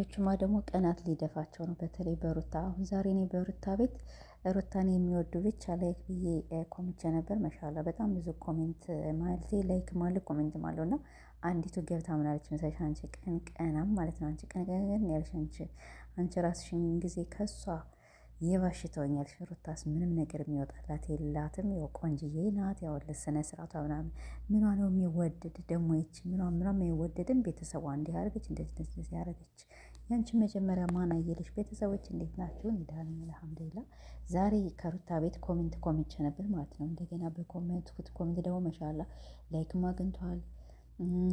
አንዳንዶቹማ ደግሞ ቀናት ሊደፋቸው ነው። በተለይ በሩታ አሁን ዛሬ እኔ በሩታ ቤት ሩታን የሚወዱ ብቻ ላይክ ብዬ ኮሜንት ነበር። መሻላ በጣም ብዙ ኮሜንት ማለት ላይክ ማለት ኮሜንት ማለው እና አንዲቱ ገብታ ምናለች መሰለሽ? አንቺ ቀን ቀናም ማለት ነው አንቺ ቀን ቀን ያለሽ አንቺ አንቺ ራስሽን ጊዜ ከሷ የባሽተውኛል ሽሩታስ ምንም ነገር የሚወጣላት የላትም። ያው ቆንጅዬ ናት፣ ያው ለስነ ስርዓቷ ምናምን ምኗ ነው የሚወደድ ደግሞ ይች ምኗ ምኗ የሚወደድም ቤተሰቧ እንዲህ ያደረገች እንደዚህ እንደዚህ ያደረገች ያንቺ መጀመሪያ ማን አየልሽ? ቤተሰቦች እንዴት ናቸው? እንዳለኝ አልሐምዱሊላህ። ዛሬ ከሩታ ቤት ኮሜንት ኮሜንት ነበር ማለት ነው። እንደገና በኮሜንት ኮሜንት ደግሞ መሻላ ላይክም አግኝተዋል።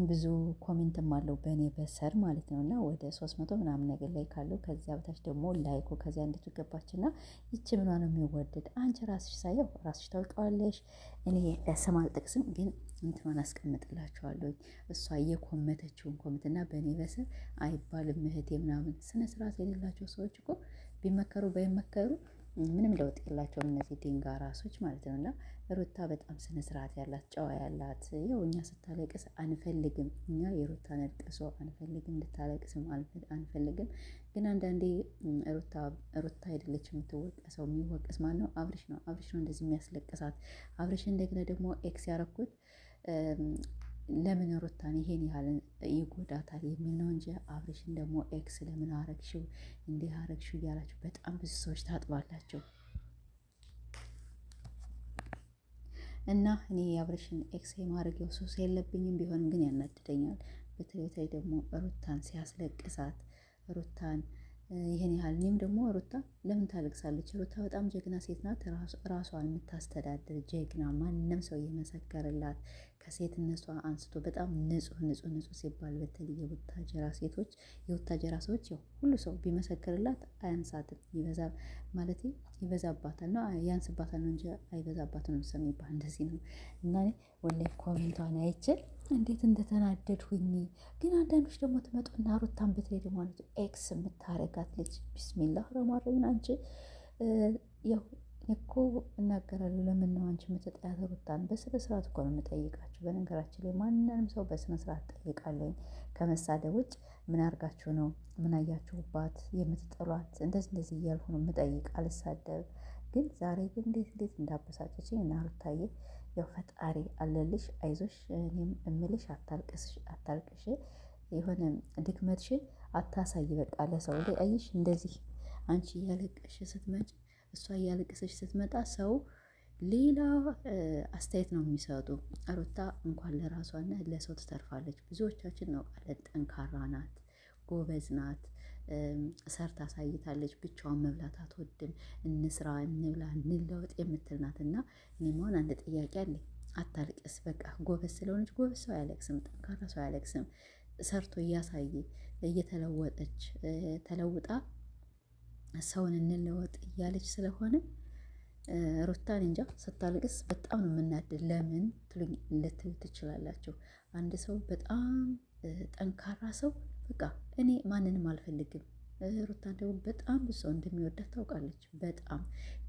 ብዙ ኮሜንትም አለው በእኔ በሰር ማለት ነው እና ወደ ሶስት መቶ ምናምን ነገር ላይ ካለው ከዚያ በታች ደግሞ ላይኩ ከዚያ እንዴት ገባችና ይቺ ምኗ ነው የሚወደድ አንቺ ራስሽ ሳየው ራስሽ ታውቂዋለሽ። እኔ ስም አልጠቅስም ግን እንትኗን አስቀምጥላቸዋለሁ። እሷ እየኮመተችውን ኮምትና በእኔ በስር አይባልም እህቴ ምናምን። ስነ ስርዓት የሌላቸው ሰዎች እኮ ቢመከሩ ባይመከሩ ምንም ለውጥ የላቸውም። እነዚህ ድንጋ ራሶች ማለት ነው። እና ሩታ በጣም ስነ ስርዓት ያላት ጨዋ ያላት፣ ያው እኛ ስታለቅስ አንፈልግም። እኛ የሩታን ልቅሶ አንፈልግም፣ እንድታለቅስም አንፈልግም። ግን አንዳንዴ ሩታ አይደለች የምትወቀሰው። የሚወቀስ ማን ነው? አብርሽ ነው። አብርሽ ነው እንደዚህ የሚያስለቅሳት። አብርሽ እንደገና ደግሞ ኤክስ ያረኩት ለምን ሩታን ይሄን ያህል ይጎዳታል የሚል ነው እንጂ አብሬሽን ደግሞ ኤክስ ለምን አረግሽው እንዲህ አረግሽው እያላችሁ በጣም ብዙ ሰዎች ታጥባላችሁ። እና እኔ የአብሬሽን ኤክስ የማድረግ ሱስ የለብኝም፣ ቢሆንም ግን ያናድደኛል። በተለይ ደግሞ ሩታን ሲያስለቅሳት ሩታን ይህን ያህል እኔም ደግሞ ሩታ ለምን ታለቅሳለች? ሩታ በጣም ጀግና ሴት ናት። ራሷን የምታስተዳድር ጀግና፣ ማንም ሰው እየመሰከርላት ከሴትነቷ አንስቶ በጣም ንጹህ ንጹህ ንጹህ ሲባል በተለይ የወታጀራ ሴቶች የወታጀራ ሰዎች ያው ሁሉ ሰው ቢመሰክርላት አያንሳትም። ይበዛ ማለት ይበዛባታል ነው ያንስባታል ነው እንጂ አይበዛባትም ነው የሚባል እንደዚህ ነው። እና ወላሂ ኮሜንቷን አይችል እንዴት እንደተናደድሁኝ ግን አንዳንዶች ደግሞ ትመጡና ሩታን በተለይ ማለት ኤክስ የምታረጋት ልጅ ቢስሚላህ ረማረብን አንቺ ያው እኮ እናገራለሁ። ለምን ነው አንቺ የምትጠያት ሩታን? በስነ ስርዓት እኮ ነው የምጠይቃችሁ። በነገራችን ላይ ማንንም ሰው በስነ ስርዓት ጠይቃለሁ። ከመሳደብ ውጭ ምን አርጋችሁ ነው ምን አያችሁባት የምትጥሏት? እንደዚህ እንደዚህ እያልኩ ነው የምጠይቅ፣ አልሳደብ። ግን ዛሬ ግን እንዴት እንዴት እንዳበሳጨችኝ እና ሩታዬ፣ ያው ፈጣሪ አለልሽ፣ አይዞሽ፣ እኔም እምልሽ አታልቅሽ፣ የሆነ ድክመትሽን አታሳይ። በቃ ለሰው ላይ አይሽ እንደዚህ አንቺ እያለቅሽ ስትመጪ እሷ እያለቀሰች ስትመጣ ሰው ሌላ አስተያየት ነው የሚሰጡ። ሩታ እንኳን ለራሷና ለሰው ትተርፋለች። ብዙዎቻችን እናውቃለን። ጠንካራ ናት፣ ጎበዝ ናት፣ ሰርታ አሳይታለች። ብቻዋን መብላት አትወድም። እንስራ፣ እንብላ፣ እንለወጥ የምትል ናት እና እኔ መሆን አንድ ጥያቄ አለ። አታልቅስ። በቃ ጎበዝ ስለሆነች ጎበዝ ሰው አያለቅስም፣ ጠንካራ ሰው አያለቅስም። ሰርቶ እያሳየ እየተለወጠች ተለውጣ ሰውን እንለወጥ እያለች ስለሆነ ሩታን እንጃ ስታልቅስ በጣም ነው የምናድድ። ለምን ልትሉ ትችላላችሁ። አንድ ሰው በጣም ጠንካራ ሰው በቃ እኔ ማንንም አልፈልግም ሩታን ደግሞ በጣም ብዙ ሰው እንደሚወዳት ታውቃለች። በጣም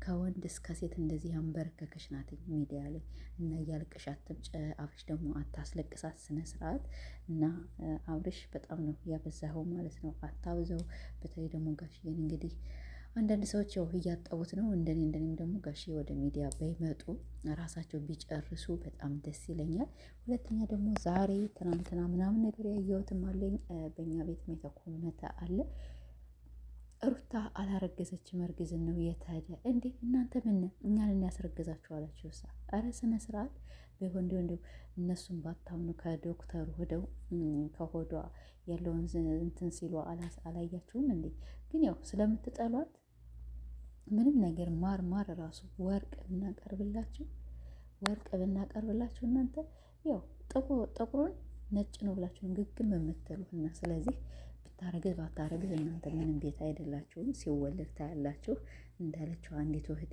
ከወንድ እስከ ሴት እንደዚህ አንበረከከሽ ናት ሚዲያ ላይ እና እያልቅሽ አትምጭ። አብርሽ ደግሞ አታስለቅሳት ስነ ስርዓት እና አብርሽ በጣም ነው ያበዛኸው ማለት ነው። አታብዘው። በተለይ ደግሞ ጋሽዬን እንግዲህ አንዳንድ ሰዎች ያው እያጣቡት ነው። እንደኔ እንደኔም ደግሞ ጋሽ ወደ ሚዲያ ባይመጡ ራሳቸው ቢጨርሱ በጣም ደስ ይለኛል። ሁለተኛ ደግሞ ዛሬ ትናንትና ምናምን ነገር ያየሁትም አለኝ በእኛ ቤት የተኮመተ አለ ሩታ አላረገዘችም። እርግዝን ነው የታደ እንዴ እናንተ ምን እኛን ያስረገዛችሁ አላችሁ? ሳ አረ ስነ ስርዓት ቢሆን ዲሆን እንዲሁ እነሱን ባታምኑ ከዶክተሩ ሄደው ከሆዷ ያለውን እንትን ሲሉ አላያችሁም እንዴ? ግን ያው ስለምትጠሏት ምንም ነገር ማር ማር ራሱ ወርቅ ብናቀርብላችሁ ወርቅ ብናቀርብላችሁ እናንተ ያው ጥቁሩን ነጭ ነው ብላችሁ ግግም እና ስለዚህ ብታረግዝ ባታረግዝ እናንተ ምንም ቤት አይደላችሁም። ሲወለድ ታያላችሁ። እንዳለችው አንዲት እህቴ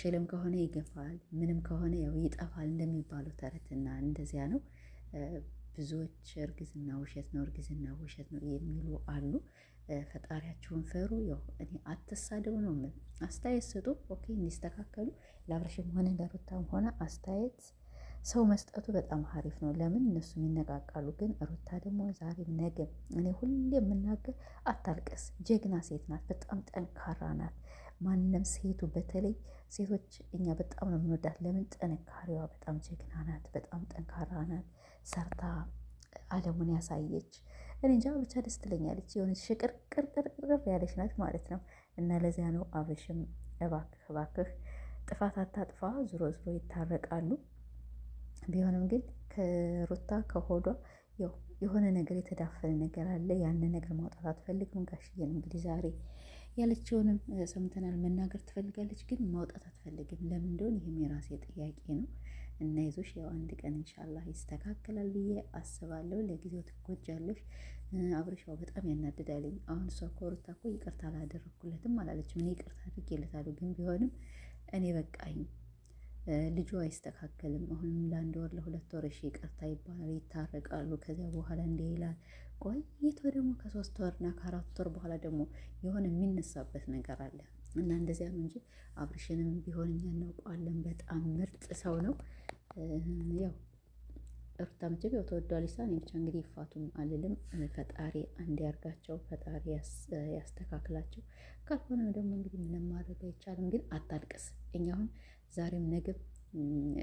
ሽልም ከሆነ ይገፋል፣ ምንም ከሆነ ያው ይጠፋል እንደሚባለው ተረትና እንደዚያ ነው። ብዙዎች እርግዝና ውሸት ነው፣ እርግዝና ውሸት ነው የሚሉ አሉ። ፈጣሪያቸውን ፈሩ። ያው እኔ አትሳደቡ ነው ምን አስተያየት ስጡ። ኦኬ እንዲስተካከሉ ለአብረሽም ሆነ ለሩታም ሆነ አስተያየት ሰው መስጠቱ በጣም አሪፍ ነው። ለምን እነሱ ይነቃቃሉ። ግን ሩታ ደግሞ ዛሬም ነገ እኔ ሁሌ የምናገር አታልቅስ፣ ጀግና ሴት ናት። በጣም ጠንካራ ናት። ማንም ሴቱ በተለይ ሴቶች እኛ በጣም ነው የምንወዳት። ለምን ጥንካሬዋ በጣም ጀግና ናት። በጣም ጠንካራ ናት። ሰርታ ዓለሙን ያሳየች እኔ እንጃ ብቻ ደስ ትለኛለች። የሆነች ሽቅርቅርቅርቅር ያለች ናት ማለት ነው። እና ለዚያ ነው አብርሽም እባክህ እባክህ ጥፋት አታጥፋ፣ ዙሮ ዙሮ ይታረቃሉ። ቢሆንም ግን ከሩታ ከሆዷ ያው የሆነ ነገር የተዳፈነ ነገር አለ። ያንን ነገር ማውጣት አትፈልግም። ጋሽዬን እንግዲህ ዛሬ ያለችውንም ሰምተናል። መናገር ትፈልጋለች፣ ግን ማውጣት አትፈልግም። ለምን እንደሆነ ይህም የራሴ ጥያቄ ነው እና ይዞሽ ያው አንድ ቀን እንሻላ ይስተካከላል ብዬ አስባለሁ። ለጊዜው ትጎጃለሽ። አብረሻው በጣም ያናድዳልኝ። አሁን እሷ እኮ ሩታ እኮ ይቅርታ አላደረግኩለትም አላለችም። እኔ ይቅርታ አድርጌለታለሁ፣ ግን ቢሆንም እኔ በቃኝ ልጁ አይስተካከልም። አሁንም ለአንድ ወር ለሁለት ወር እሺ ይቅርታ ይባላል፣ ይታረቃሉ። ከዚያ በኋላ እንዲህ ይላል። ቆይቶ ደግሞ ከሶስት ወርና ከአራት ወር በኋላ ደግሞ የሆነ የሚነሳበት ነገር አለ እና እንደዚያ ነው እንጂ አብርሽንም ቢሆን እኛ እናውቀዋለን። በጣም ምርጥ ሰው ነው። ያው ሩታ ምችብ ያው ተወዷል። ይሳ እኔ ብቻ እንግዲህ ይፋቱም አልልም። ፈጣሪ አንድ ያርጋቸው፣ ፈጣሪ ያስተካክላቸው። ካልሆነም ደግሞ እንግዲህ ምንም ማድረግ አይቻልም። ግን አታልቅስ እኛ አሁን ዛሬም ነግብ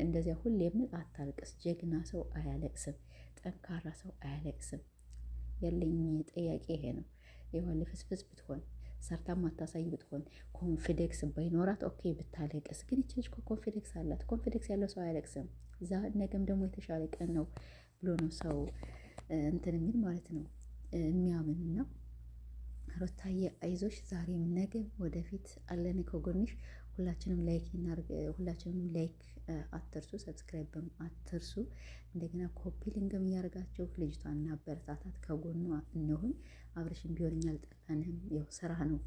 እንደዚያ ሁሌ የምል አታልቅስ። ጀግና ሰው አያለቅስም፣ ጠንካራ ሰው አያለቅስም። ያለኝ ጥያቄ ይሄ ነው። የሆነ ፍስፍስ ብትሆን ሰርታ ማታሳይ ብትሆን ኮንፊደንስ ባይኖራት ኦኬ ብታለቅስ፣ ግን ይች ኮንፊደንስ አላት። ኮንፊደንስ ያለው ሰው አያለቅስም። ዛ ነገም ደግሞ የተሻለ ቀን ነው ብሎ ነው ሰው እንትን የሚል ማለት ነው የሚያምን እና ሩታዬ አይዞሽ፣ ዛሬም ነገም ወደፊት አለን ከጎንሽ። ሁላችንም ላይክ እናድርግ። ሁላችንም ላይክ አትርሱ፣ ሰብስክራይብም አትርሱ። እንደገና ኮፒ ሊንግም እያደርጋችሁ ልጅቷን አበረታታት፣ ከጎኗ እንሁን። አብረሽም ቢሆን እኛ አልጠላንህም፣ ይኸው ስራ ነው።